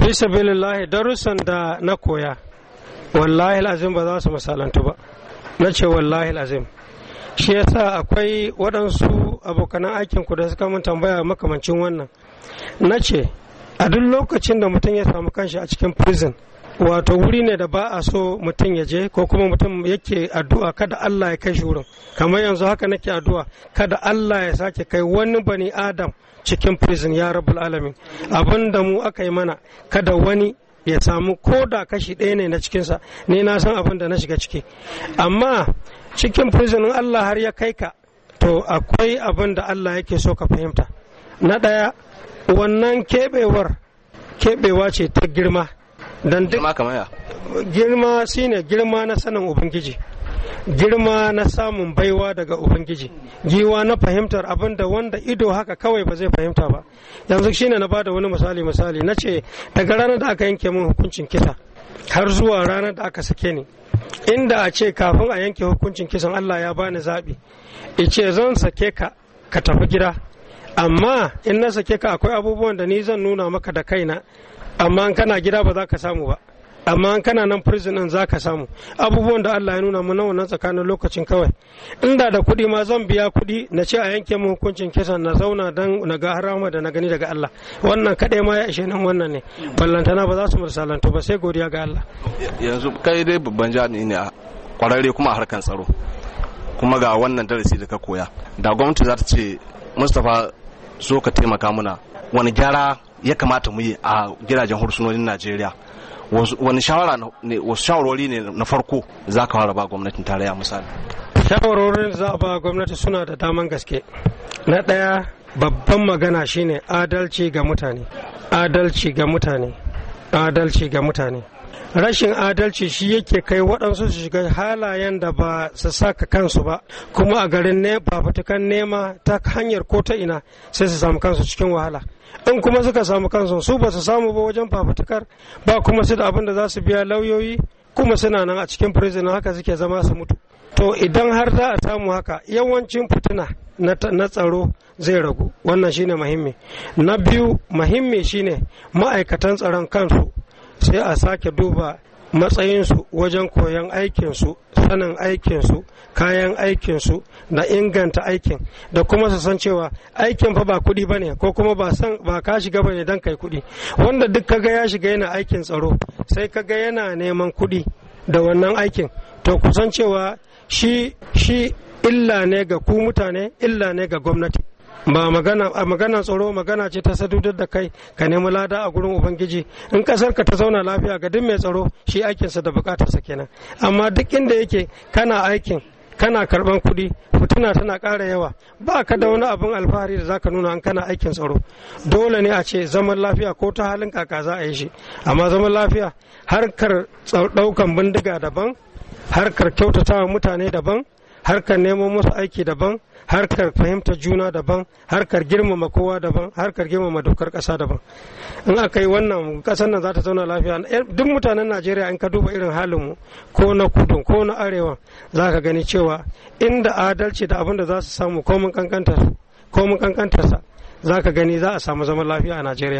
fi sabilillahi darussan da na koya wallahi azim ba za su misalantu ba na ce wallahi azim shi yasa akwai waɗansu abokanan aikinku da suka mun tambaya makamancin wannan na ce a duk lokacin da mutum ya samu kanshi a cikin prison wato wuri ne da ba a so mutum ya je ko kuma mutum yake addu'a kada Allah ya kai shi wurin kamar yanzu haka nake addu'a kada Allah ya sake kai wani bani adam cikin prison ya rabu alamin abin da mu aka yi mana kada wani ya samu ko da kashi ɗaya ne na cikinsa ne na san abin da na shiga ciki amma cikin prison Allah har ya kai ka to akwai abin da Allah yake so ka fahimta na ɗaya wannan keɓewar keɓewa ce ta girma don duk girma shine girma na sanin ubangiji girma na samun baiwa daga ubangiji giwa na fahimtar abin da wanda ido haka kawai ba zai fahimta ba yanzu shine na bada wani misali misali na ce daga ranar da aka yanke min hukuncin kisa har zuwa ranar da aka sake ni inda a ce kafin a yanke hukuncin kisan allah ya bani zaɓi ice zan sake ka ka tafi gida amma in na sake ka akwai abubuwan da ni zan nuna maka da kaina amma in kana gida ba za ka samu ba amma in kana nan prison din za ka samu abubuwan da Allah ya nuna mu na wannan tsakanin lokacin kawai inda da kuɗi ma zan biya kuɗi na ce a yanke mu hukuncin kisa na zauna dan na ga harama da na gani daga Allah wannan kaɗai ma ya ishe nan wannan ne ballantana ba za su mursalantu ba sai godiya ga Allah yanzu kai dai babban jami'i ne a kwararre kuma a harkan tsaro kuma ga wannan darasi da ka koya da gwamnati za ta ce mustapha so ka taimaka muna wani gyara ya kamata mu yi a gidajen hursunonin najeriya wani shawara ne wasu shawarwari ne na farko za ka fara ba gwamnatin tarayya misali shawarorin za ba gwamnati suna da daman gaske na ɗaya babban magana shine adalci ga mutane adalci ga mutane adalci ga mutane rashin adalci shi yake kai waɗansu su shiga halayen da ba su saka kansu ba kuma a garin ne fafutukan nema ta hanyar ko ta ina sai su samu kansu cikin wahala in kuma suka samu kansu su ba su samu ba wajen fafutukar ba kuma su da abin da za su biya lauyoyi kuma suna nan a cikin prison haka suke zama su mutu to idan har za a samu haka yawancin fitina na tsaro zai ragu wannan shine muhimmi na biyu muhimmi shine ma'aikatan tsaron kansu sai a sake duba matsayinsu wajen koyon aikinsu sanin aikinsu kayan aikinsu da inganta aikin da kuma su san cewa aikin fa ba kuɗi ba ne ko kuma ba san ba ka shiga ba ne don kai kuɗi wanda duk kaga ya shiga yana aikin tsaro sai kaga yana neman kuɗi da wannan aikin to kusan cewa shi shi illa ne ga ku mutane illa ne ga gwamnati ba magana magana tsoro magana ce ta sadudar da kai ka nemi lada a gurin ubangiji in kasar ka ta zauna lafiya ga duk mai tsaro shi aikinsa da bukatarsa kenan amma duk inda yake kana aikin kana karban kuɗi fituna tana ƙara yawa ba ka da wani abin alfahari da zaka nuna an kana aikin tsaro dole ne a ce zaman lafiya ko ta halin kaka za a yi shi amma zaman lafiya harkar ɗaukan bindiga daban harkar kyautatawa mutane daban harkar neman musu aiki daban harkar fahimtar juna daban harkar girmama kowa daban harkar girmama dokar kasa daban in aka yi wannan kasar nan za ta zauna lafiya eh, duk mutanen najeriya in ka duba irin halin mu ko na kudu ko na arewa za ka gani cewa inda adalci da abin da za su samu komin kankantarsa za ka gani za a samu zaman lafiya a najeriya